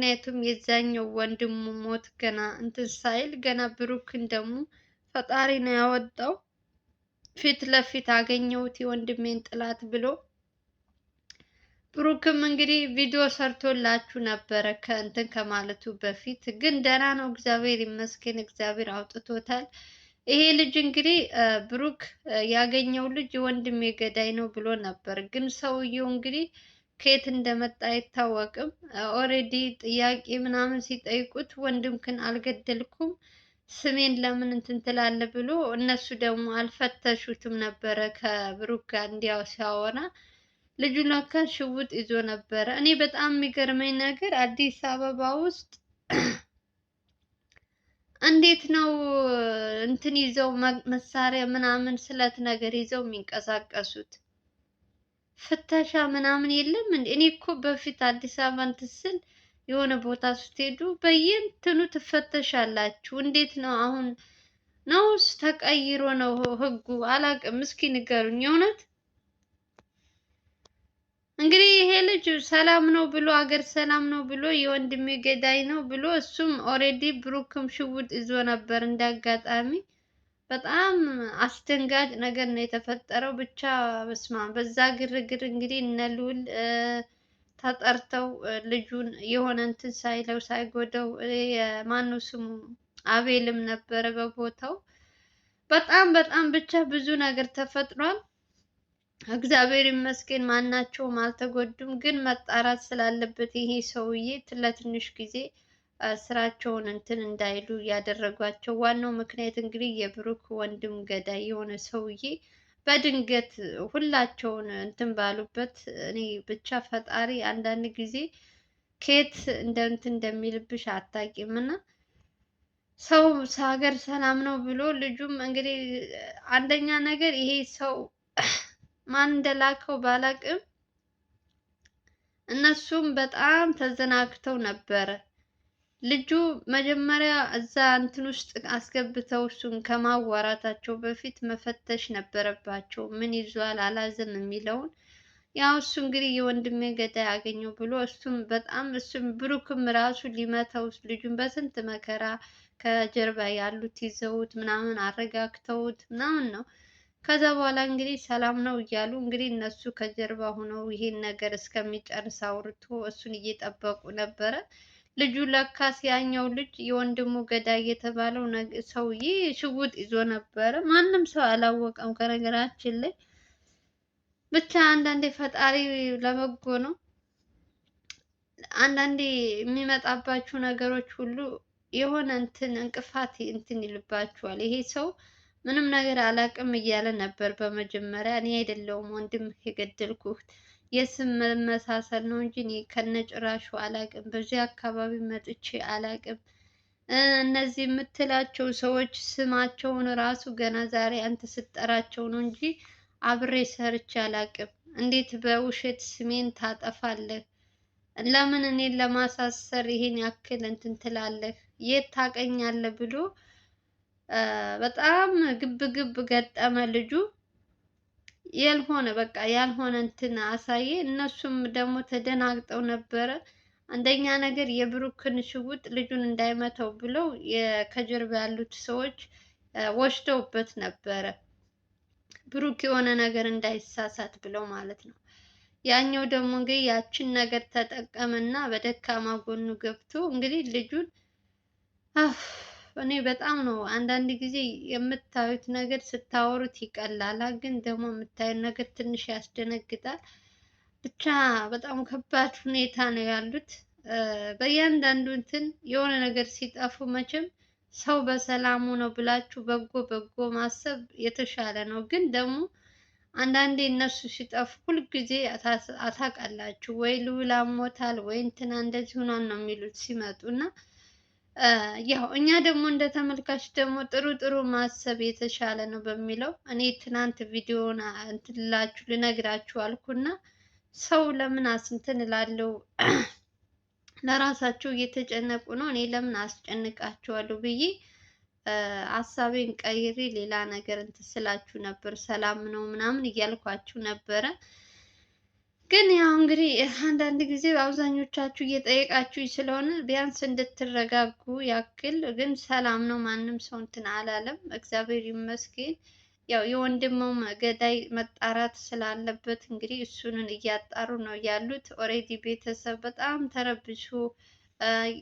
ምክንያቱም የዛኛው ወንድሙ ሞት ገና እንትን ሳይል ገና ብሩክን ደግሞ ፈጣሪ ነው ያወጣው። ፊት ለፊት አገኘሁት የወንድሜን ጥላት ብሎ ብሩክም እንግዲህ ቪዲዮ ሰርቶላችሁ ነበረ ከእንትን ከማለቱ በፊት ግን ደህና ነው፣ እግዚአብሔር ይመስገን፣ እግዚአብሔር አውጥቶታል። ይሄ ልጅ እንግዲህ ብሩክ ያገኘው ልጅ የወንድሜ ገዳይ ነው ብሎ ነበር። ግን ሰውየው እንግዲህ ከየት እንደመጣ አይታወቅም። ኦሬዲ ጥያቄ ምናምን ሲጠይቁት ወንድምህን አልገደልኩም ስሜን ለምን እንትን ብሎ እነሱ ደግሞ አልፈተሹትም ነበረ። ከብሩክ ጋር እንዲያው ሲያወራ ልጁ ለካ ሽውጥ ይዞ ነበረ። እኔ በጣም የሚገርመኝ ነገር አዲስ አበባ ውስጥ እንዴት ነው እንትን ይዘው መሳሪያ ምናምን ስለት ነገር ይዘው የሚንቀሳቀሱት? ፍተሻ ምናምን የለም። እኔ እኮ በፊት አዲስ አበባ እንትን ስል የሆነ ቦታ ስትሄዱ በየእንትኑ ትፈተሻላችሁ። እንዴት ነው አሁን ነውስ ተቀይሮ ነው ህጉ? አላቅም እስኪ ንገሩኝ እውነት። እንግዲህ ይሄ ልጅ ሰላም ነው ብሎ አገር ሰላም ነው ብሎ የወንድሜ ገዳይ ነው ብሎ እሱም ኦሬዲ ብሩክም ሽጉጥ ይዞ ነበር እንዳጋጣሚ በጣም አስደንጋጭ ነገር ነው የተፈጠረው። ብቻ በስማ በዛ ግርግር እንግዲህ እነ ልዑል ተጠርተው ልጁን የሆነ እንትን ሳይለው ሳይጎደው የማኑ ስሙ አቤልም ነበረ በቦታው። በጣም በጣም ብቻ ብዙ ነገር ተፈጥሯል። እግዚአብሔር ይመስገን ማናቸውም አልተጎዱም። ግን መጣራት ስላለበት ይሄ ሰውዬ ለትንሽ ጊዜ ስራቸውን እንትን እንዳይሉ ያደረጓቸው ዋናው ምክንያት እንግዲህ የብሩክ ወንድም ገዳይ የሆነ ሰውዬ በድንገት ሁላቸውን እንትን ባሉበት እኔ ብቻ ፈጣሪ አንዳንድ ጊዜ ከየት እንደምትን እንደሚልብሽ አታውቂም እና ሰው ሀገር ሰላም ነው ብሎ ልጁም እንግዲህ አንደኛ ነገር ይሄ ሰው ማን እንደላከው ባላቅም እነሱም በጣም ተዘናግተው ነበረ። ልጁ መጀመሪያ እዛ እንትን ውስጥ አስገብተው እሱን ከማዋራታቸው በፊት መፈተሽ ነበረባቸው። ምን ይዟል አላዘም የሚለውን ያው እሱ እንግዲህ የወንድሜ ገዳይ አገኘው ብሎ እሱም በጣም እሱም ብሩክም ራሱ ሊመተው ልጁን በስንት መከራ ከጀርባ ያሉት ይዘውት ምናምን አረጋግተውት ምናምን ነው። ከዛ በኋላ እንግዲህ ሰላም ነው እያሉ እንግዲህ እነሱ ከጀርባ ሆነው ይሄን ነገር እስከሚጨርስ አውርቶ እሱን እየጠበቁ ነበረ። ልጁ ለካስ ያኛው ልጅ የወንድሙ ገዳይ የተባለው ሰውዬ ሽጉጥ ይዞ ነበረ። ማንም ሰው አላወቀም። ከነገራችን ላይ ብቻ አንዳንዴ ፈጣሪ ለበጎ ነው። አንዳንዴ የሚመጣባችሁ ነገሮች ሁሉ የሆነ እንትን እንቅፋት እንትን ይልባችኋል። ይሄ ሰው ምንም ነገር አላውቅም እያለ ነበር በመጀመሪያ እኔ አይደለሁም ወንድም የገደልኩት የስም መመሳሰል ነው እንጂ እኔ ከነጭራሹ አላቅም። በዚህ አካባቢ መጥቼ አላቅም። እነዚህ የምትላቸው ሰዎች ስማቸውን ራሱ ገና ዛሬ አንተ ስጠራቸው ነው እንጂ አብሬ ሰርቼ አላቅም። እንዴት በውሸት ስሜን ታጠፋለህ? ለምን እኔን ለማሳሰር ይሄን ያክል እንትን ትላለህ? የት ታቀኛለህ ብሎ በጣም ግብግብ ገጠመ ልጁ። ያልሆነ በቃ ያልሆነ እንትን አሳየ። እነሱም ደግሞ ተደናግጠው ነበረ። አንደኛ ነገር የብሩክን ሽጉጥ ልጁን እንዳይመተው ብለው ከጀርባ ያሉት ሰዎች ወስደውበት ነበረ። ብሩክ የሆነ ነገር እንዳይሳሳት ብለው ማለት ነው። ያኛው ደግሞ እንግዲህ ያችን ነገር ተጠቀመና በደካማ ጎኑ ገብቶ እንግዲህ ልጁን እኔ በጣም ነው አንዳንድ ጊዜ የምታዩት ነገር ስታወሩት ይቀላል፣ ግን ደግሞ የምታዩት ነገር ትንሽ ያስደነግጣል። ብቻ በጣም ከባድ ሁኔታ ነው ያሉት። በእያንዳንዱ እንትን የሆነ ነገር ሲጠፉ መቼም ሰው በሰላሙ ነው ብላችሁ በጎ በጎ ማሰብ የተሻለ ነው። ግን ደግሞ አንዳንዴ እነሱ ሲጠፉ ሁልጊዜ አታውቃላችሁ ወይ ልዑል ሞታል ወይ እንትና እንደዚህ ሆኗል ነው የሚሉት ሲመጡ እና ያው እኛ ደግሞ እንደ ተመልካች ደግሞ ጥሩ ጥሩ ማሰብ የተሻለ ነው በሚለው እኔ ትናንት ቪዲዮ እንትንላችሁ ልነግራችሁ አልኩና ሰው ለምን አስንትን እላለሁ ለራሳቸው እየተጨነቁ ነው እኔ ለምን አስጨንቃቸዋለሁ ብዬ ሀሳቤን ቀይሬ ሌላ ነገር እንትን ስላችሁ ነበር። ሰላም ነው ምናምን እያልኳችሁ ነበረ። ግን ያው እንግዲህ አንዳንድ ጊዜ አብዛኞቻችሁ እየጠየቃችሁ ስለሆነ ቢያንስ እንድትረጋጉ ያክል። ግን ሰላም ነው፣ ማንም ሰው እንትን አላለም፣ እግዚአብሔር ይመስገን። ያው የወንድሙም ገዳይ መጣራት ስላለበት እንግዲህ እሱንን እያጣሩ ነው ያሉት። ኦሬዲ ቤተሰብ በጣም ተረብሶ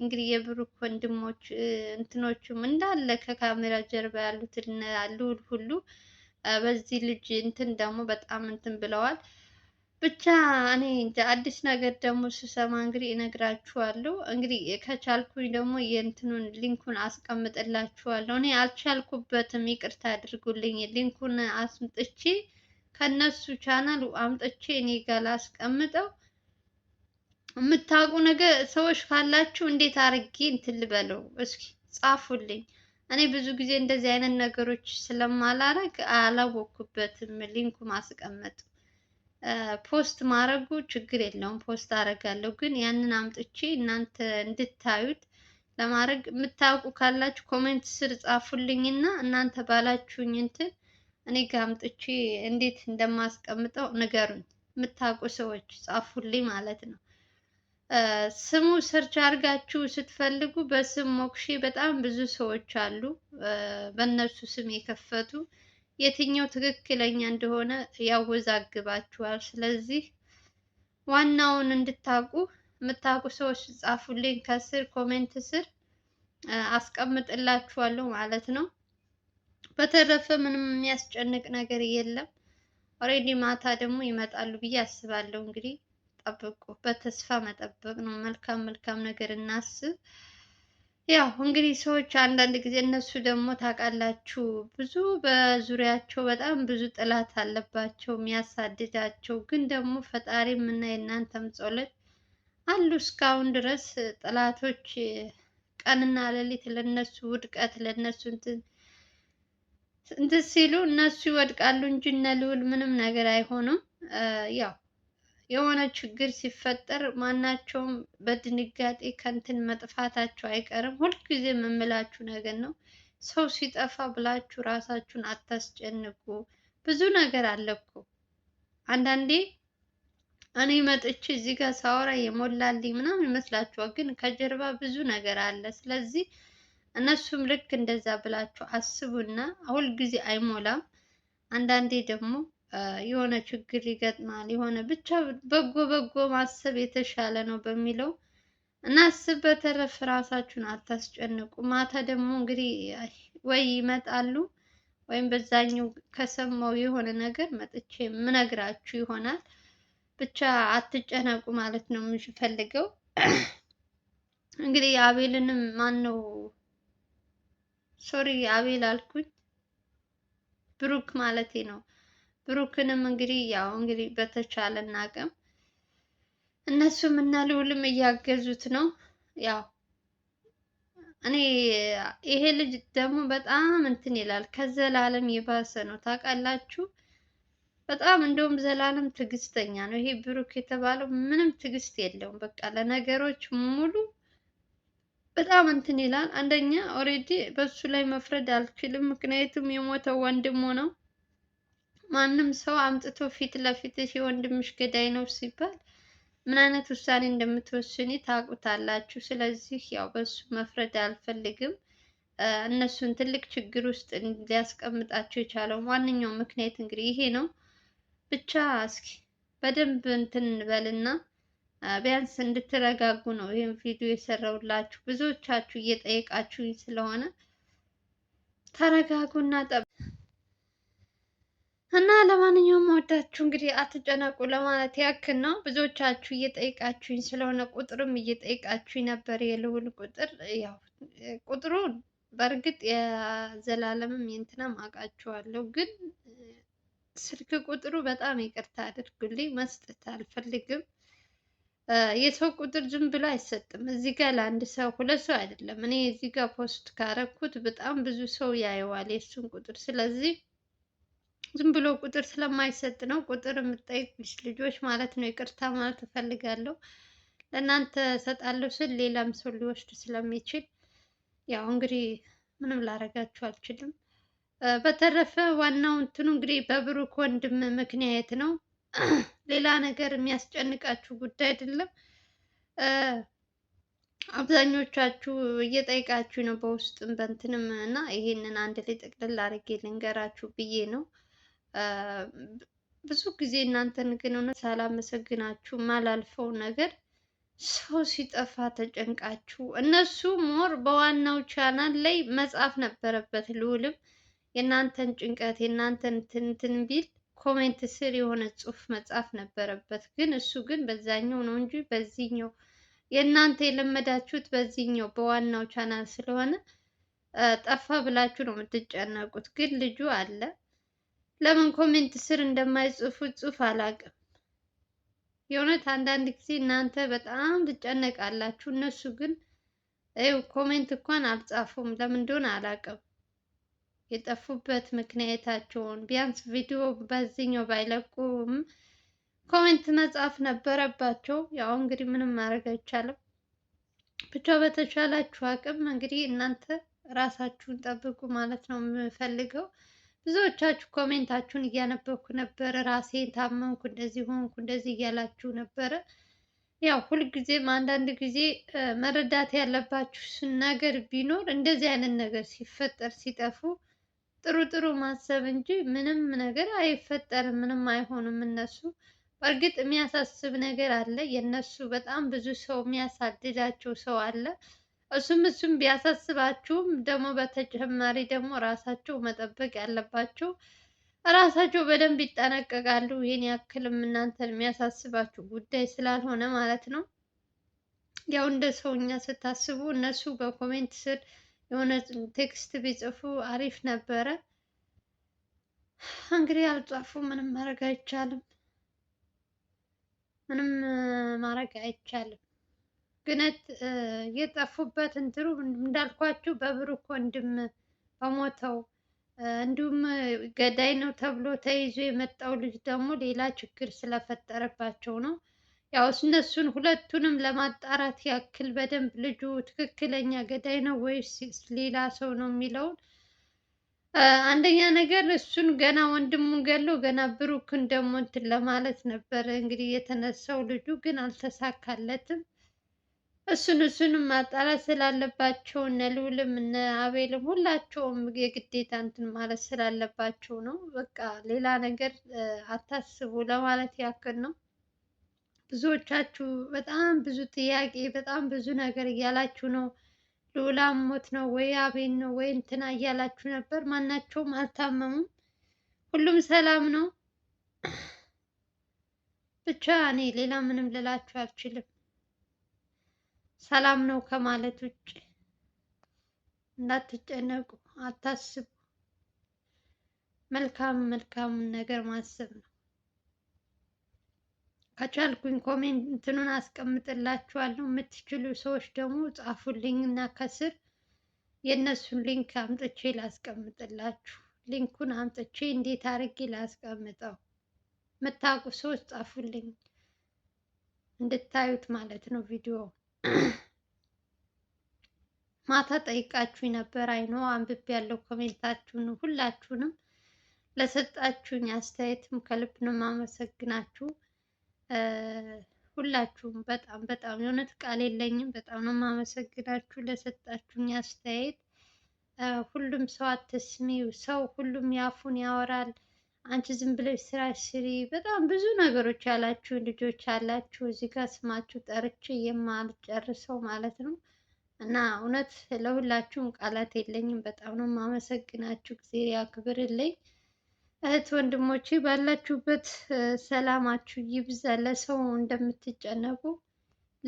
እንግዲህ የብሩክ ወንድሞች እንትኖቹም እንዳለ ከካሜራ ጀርባ ያሉት ልዑል ሁሉ በዚህ ልጅ እንትን ደግሞ በጣም እንትን ብለዋል። ብቻ እኔ እንጃ አዲስ ነገር ደግሞ ስሰማ እንግዲህ እነግራችኋለሁ። እንግዲህ ከቻልኩኝ ደግሞ የእንትኑን ሊንኩን አስቀምጥላችኋለሁ። እኔ አልቻልኩበትም፣ ይቅርታ አድርጉልኝ። ሊንኩን አስምጥቼ ከነሱ ቻናል አምጥቼ እኔ ጋር ላስቀምጠው። የምታውቁ ነገር ሰዎች ካላችሁ እንዴት አድርጌ እንትን ልበለው እስኪ ጻፉልኝ። እኔ ብዙ ጊዜ እንደዚህ አይነት ነገሮች ስለማላረግ አላወኩበትም ሊንኩ ማስቀመጥ ፖስት ማድረጉ ችግር የለውም። ፖስት አደርጋለሁ ግን ያንን አምጥቼ እናንተ እንድታዩት ለማድረግ የምታውቁ ካላችሁ ኮሜንት ስር ጻፉልኝና እናንተ ባላችሁኝ እንትን እኔ ጋ አምጥቼ እንዴት እንደማስቀምጠው ንገሩኝ። የምታውቁ ሰዎች ጻፉልኝ ማለት ነው። ስሙ ሰርች አድርጋችሁ ስትፈልጉ በስም ሞክሼ በጣም ብዙ ሰዎች አሉ በእነሱ ስም የከፈቱ የትኛው ትክክለኛ እንደሆነ ያወዛግባችኋል። ስለዚህ ዋናውን እንድታውቁ የምታውቁ ሰዎች ጻፉልኝ፣ ከስር ኮሜንት ስር አስቀምጥላችኋለሁ ማለት ነው። በተረፈ ምንም የሚያስጨንቅ ነገር የለም። ኦልሬዲ ማታ ደግሞ ይመጣሉ ብዬ አስባለሁ። እንግዲህ ጠብቁ፣ በተስፋ መጠበቅ ነው። መልካም መልካም ነገር እናስብ። ያው እንግዲህ ሰዎች አንዳንድ ጊዜ እነሱ ደግሞ ታውቃላችሁ ብዙ በዙሪያቸው በጣም ብዙ ጥላት አለባቸው የሚያሳድዳቸው። ግን ደግሞ ፈጣሪ ምና የእናንተም ጸሎት አሉ እስካሁን ድረስ ጥላቶች ቀንና ሌሊት ለነሱ ውድቀት ለነሱ እንትን ሲሉ እነሱ ይወድቃሉ እንጂ እነ ልዑል ምንም ነገር አይሆኑም ያው የሆነ ችግር ሲፈጠር ማናቸውም በድንጋጤ ከንትን መጥፋታቸው አይቀርም። ሁልጊዜ የምምላችሁ ነገር ነው። ሰው ሲጠፋ ብላችሁ ራሳችሁን አታስጨንቁ። ብዙ ነገር አለ እኮ አንዳንዴ እኔ መጥቼ እዚህ ጋር ሳወራ የሞላልኝ ምናምን ይመስላችኋል፣ ግን ከጀርባ ብዙ ነገር አለ። ስለዚህ እነሱም ልክ እንደዛ ብላችሁ አስቡና ሁልጊዜ አይሞላም። አንዳንዴ ደግሞ የሆነ ችግር ይገጥማል፣ የሆነ ብቻ በጎ በጎ ማሰብ የተሻለ ነው በሚለው እናስብ። በተረፍ ራሳችሁን አታስጨንቁ። ማታ ደግሞ እንግዲህ ወይ ይመጣሉ ወይም በዛኛው ከሰማው የሆነ ነገር መጥቼ ምነግራችሁ ይሆናል። ብቻ አትጨነቁ ማለት ነው የምፈልገው። እንግዲህ አቤልንም ማን ነው ሶሪ፣ አቤል አልኩኝ፣ ብሩክ ማለቴ ነው። ብሩክንም እንግዲህ ያው እንግዲህ በተቻለን አቅም እነሱም እና ልዑልም እያገዙት ነው። ያው እኔ ይሄ ልጅ ደግሞ በጣም እንትን ይላል። ከዘላለም የባሰ ነው ታውቃላችሁ። በጣም እንደውም ዘላለም ትዕግስተኛ ነው። ይሄ ብሩክ የተባለው ምንም ትዕግስት የለውም። በቃ ለነገሮች ሙሉ በጣም እንትን ይላል። አንደኛ ኦሬዲ በሱ ላይ መፍረድ አልችልም፣ ምክንያቱም የሞተው ወንድሙ ነው። ማንም ሰው አምጥቶ ፊት ለፊት የወንድምሽ ገዳይ ነው ሲባል ምን አይነት ውሳኔ እንደምትወስኒ ታውቁታላችሁ። ስለዚህ ያው በሱ መፍረድ አልፈልግም። እነሱን ትልቅ ችግር ውስጥ ሊያስቀምጣቸው የቻለው ዋነኛው ምክንያት እንግዲህ ይሄ ነው። ብቻ እስኪ በደንብ እንትን እንበልና ቢያንስ እንድትረጋጉ ነው ይህን ቪዲዮ የሰራውላችሁ። ብዙዎቻችሁ እየጠየቃችሁኝ ስለሆነ ተረጋጉና ጠብ እና ለማንኛውም ወዳችሁ እንግዲህ አትጨነቁ ለማለት ያክል ነው። ብዙዎቻችሁ እየጠይቃችሁኝ ስለሆነ ቁጥርም እየጠይቃችሁኝ ነበር። የልውል ቁጥር ያው ቁጥሩ በእርግጥ የዘላለምም የእንትናም አውቃችኋለሁ፣ ግን ስልክ ቁጥሩ በጣም ይቅርታ አድርጉልኝ መስጠት አልፈልግም። የሰው ቁጥር ዝም ብሎ አይሰጥም። እዚህ ጋር ለአንድ ሰው ሁለት ሰው አይደለም። እኔ እዚህ ጋር ፖስት ካረኩት በጣም ብዙ ሰው ያየዋል የእሱን ቁጥር ስለዚህ ዝም ብሎ ቁጥር ስለማይሰጥ ነው። ቁጥር የምጠይቁሽ ልጆች ማለት ነው። ይቅርታ ማለት እፈልጋለሁ። ለእናንተ ሰጣለሁ ስል ሌላም ሰው ሊወስድ ስለሚችል ያው እንግዲህ ምንም ላረጋችሁ አልችልም። በተረፈ ዋናው እንትኑ እንግዲህ በብሩክ ወንድም ምክንያት ነው። ሌላ ነገር የሚያስጨንቃችሁ ጉዳይ አይደለም። አብዛኞቻችሁ እየጠይቃችሁ ነው በውስጥም በእንትንም እና ይሄንን አንድ ላይ ጠቅልል አድርጌ ልንገራችሁ ብዬ ነው። ብዙ ጊዜ እናንተን ግን እውነት ሳላመሰግናችሁ ማላልፈው ነገር ሰው ሲጠፋ ተጨንቃችሁ እነሱ ሞር በዋናው ቻናል ላይ መጻፍ ነበረበት። ልዑልም የእናንተን ጭንቀት የእናንተን ትንትን ቢል ኮሜንት ስር የሆነ ጽሑፍ መጻፍ ነበረበት። ግን እሱ ግን በዛኛው ነው እንጂ በዚህኛው የእናንተ የለመዳችሁት በዚህኛው በዋናው ቻናል ስለሆነ ጠፋ ብላችሁ ነው የምትጨነቁት። ግን ልጁ አለ ለምን ኮሜንት ስር እንደማይጽፉ ጽሑፍ አላውቅም። የእውነት አንዳንድ ጊዜ እናንተ በጣም ትጨነቃላችሁ፣ እነሱ ግን ይኸው ኮሜንት እንኳን አልጻፉም። ለምን እንደሆነ አላውቅም። የጠፉበት ምክንያታቸውን ቢያንስ ቪዲዮ በዚህኛው ባይለቁም ኮሜንት መጻፍ ነበረባቸው። ያው እንግዲህ ምንም ማድረግ አይቻልም። ብቻ በተቻላችሁ አቅም እንግዲህ እናንተ ራሳችሁን ጠብቁ ማለት ነው የምፈልገው። ብዙዎቻችሁ ኮሜንታችሁን እያነበብኩ ነበረ። ራሴን ታመምኩ፣ እንደዚህ ሆንኩ፣ እንደዚህ እያላችሁ ነበረ። ያው ሁልጊዜም አንዳንድ ጊዜ መረዳት ያለባችሁ ነገር ቢኖር እንደዚህ አይነት ነገር ሲፈጠር ሲጠፉ ጥሩ ጥሩ ማሰብ እንጂ ምንም ነገር አይፈጠርም፣ ምንም አይሆንም። እነሱ በእርግጥ የሚያሳስብ ነገር አለ። የእነሱ በጣም ብዙ ሰው የሚያሳድዳቸው ሰው አለ። እሱም እሱም ቢያሳስባችሁም ደግሞ በተጨማሪ ደግሞ ራሳቸው መጠበቅ ያለባቸው ራሳቸው በደንብ ይጠነቀቃሉ። ይህን ያክልም እናንተን የሚያሳስባችሁ ጉዳይ ስላልሆነ ማለት ነው። ያው እንደ ሰውኛ ስታስቡ እነሱ በኮሜንት ስር የሆነ ቴክስት ቢጽፉ አሪፍ ነበረ። እንግዲህ ያልጻፉ ምንም ማድረግ አይቻልም። ምንም ማድረግ አይቻልም። ግነት የጠፉበት እንትሩ እንዳልኳችሁ በብሩክ ወንድም በሞተው እንዲሁም ገዳይ ነው ተብሎ ተይዞ የመጣው ልጅ ደግሞ ሌላ ችግር ስለፈጠረባቸው ነው። ያው እነሱን ሁለቱንም ለማጣራት ያክል በደንብ ልጁ ትክክለኛ ገዳይ ነው ወይስ ሌላ ሰው ነው የሚለውን አንደኛ ነገር እሱን ገና ወንድሙን ገለው ገና ብሩክን ደግሞ እንትን ለማለት ነበር እንግዲህ የተነሳው። ልጁ ግን አልተሳካለትም። እሱን እሱንም ማጣራት ስላለባቸው እነ ልዑልም እነ አቤልም ሁላቸውም የግዴታ እንትን ማለት ስላለባቸው ነው። በቃ ሌላ ነገር አታስቡ ለማለት ያክል ነው። ብዙዎቻችሁ በጣም ብዙ ጥያቄ፣ በጣም ብዙ ነገር እያላችሁ ነው። ልዑላም ሞት ነው ወይ አቤል ነው ወይ እንትና እያላችሁ ነበር። ማናቸውም አልታመሙም። ሁሉም ሰላም ነው። ብቻ እኔ ሌላ ምንም ልላችሁ አልችልም። ሰላም ነው ከማለት ውጭ እንዳትጨነቁ፣ አታስቡ። መልካም መልካም ነገር ማሰብ ነው። ከቻልኩኝ ኮሜንትኑን አስቀምጥላችኋለሁ። የምትችሉ ሰዎች ደግሞ ጻፉልኝ እና ከስር የእነሱን ሊንክ አምጥቼ ላስቀምጥላችሁ። ሊንኩን አምጥቼ እንዴት አድርጌ ላስቀምጠው የምታውቁ ሰዎች ጻፉልኝ እንድታዩት ማለት ነው ቪዲዮው ማታ ጠይቃችሁኝ ነበር። አይኖ አንብቤ ያለው ኮሜንታችሁን ሁላችሁንም ለሰጣችሁኝ አስተያየትም ከልብ ነው የማመሰግናችሁ። ሁላችሁም በጣም በጣም የእውነት ቃል የለኝም። በጣም ነው የማመሰግናችሁ ለሰጣችሁኝ አስተያየት። ሁሉም ሰው አትስሚው፣ ሰው ሁሉም ያፉን ያወራል አንቺ ዝም ብለሽ ስራ ስሪ። በጣም ብዙ ነገሮች ያላችሁ ልጆች አላችሁ። እዚህ ጋር ስማችሁ ጠርቼ የማልጨርሰው ማለት ነው። እና እውነት ለሁላችሁም ቃላት የለኝም። በጣም ነው የማመሰግናችሁ። ጊዜ ያክብርልኝ። እህት ወንድሞቼ፣ ባላችሁበት ሰላማችሁ ይብዛ። ለሰው እንደምትጨነቁ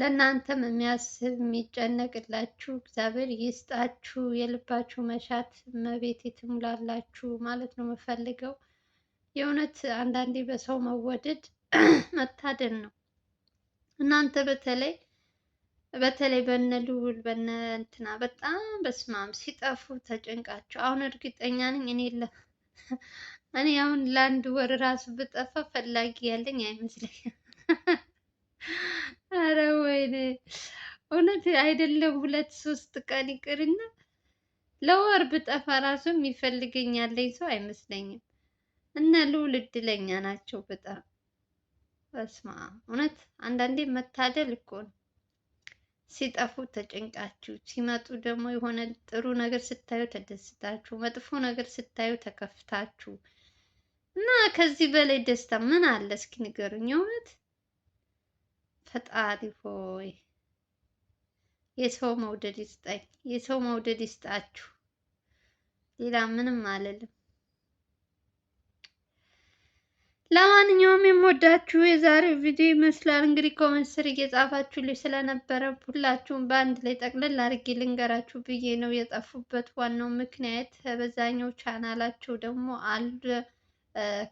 ለእናንተም የሚያስብ የሚጨነቅላችሁ እግዚአብሔር ይስጣችሁ። የልባችሁ መሻት እመቤት ትሙላላችሁ ማለት ነው የምፈልገው። የእውነት አንዳንዴ በሰው መወደድ መታደል ነው። እናንተ በተለይ በተለይ በነ ልዑል በነ እንትና በጣም በስማም ሲጠፉ ተጨንቃቸው። አሁን እርግጠኛ ነኝ እኔ እኔ አሁን ለአንድ ወር ራሱ ብጠፋ ፈላጊ ያለኝ አይመስለኝም። አረ ወይኔ እውነት አይደለም ሁለት ሶስት ቀን ይቅርና ለወር ብጠፋ ራሱ የሚፈልገኝ ያለኝ ሰው አይመስለኝም። እነ ልዑል እድለኛ ናቸው በጣም በስመ አብ። እውነት አንዳንዴ መታደል እኮ ነው። ሲጠፉ ተጨንቃችሁ ሲመጡ ደግሞ የሆነ ጥሩ ነገር ስታዩ ተደስታችሁ፣ መጥፎ ነገር ስታዩ ተከፍታችሁ እና ከዚህ በላይ ደስታ ምን አለ? እስኪ ንገሩኝ። እውነት ፈጣሪ ሆይ የሰው መውደድ ይስጠኝ የሰው መውደድ ይስጣችሁ። ሌላ ምንም አልልም። ለማንኛውም የምወዳችሁ የዛሬው ቪዲዮ ይመስላል። እንግዲህ ኮመንት ስር እየጻፋችሁልኝ ስለነበረ ሁላችሁም በአንድ ላይ ጠቅልል አድርጌ ልንገራችሁ ብዬ ነው የጠፉበት ዋናው ምክንያት። በዛኛው ቻናላቸው ደግሞ አለ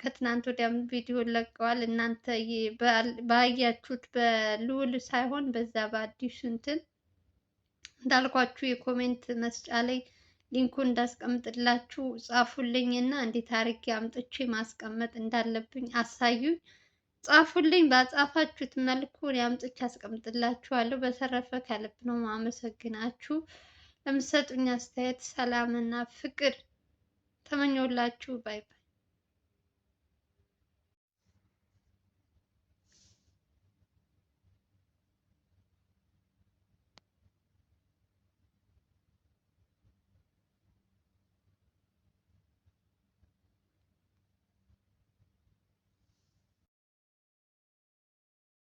ከትናንት ወዲያም ቪዲዮ ለቀዋል። እናንተ ባያችሁት በልውል ሳይሆን በዛ በአዲሱ እንትን እንዳልኳችሁ የኮሜንት መስጫ ላይ ሊንኩን እንዳስቀምጥላችሁ ጻፉልኝ እና እንዴት አድርጌ አምጥቼ ማስቀመጥ እንዳለብኝ አሳዩኝ። ጻፉልኝ። ባጻፋችሁት መልኩ እኔ አምጥቼ አስቀምጥላችኋለሁ። በተረፈ ከልብ ነው ማመሰግናችሁ ለምትሰጡኝ አስተያየት። ሰላምና ፍቅር ተመኘሁላችሁ። ባይ ባይ።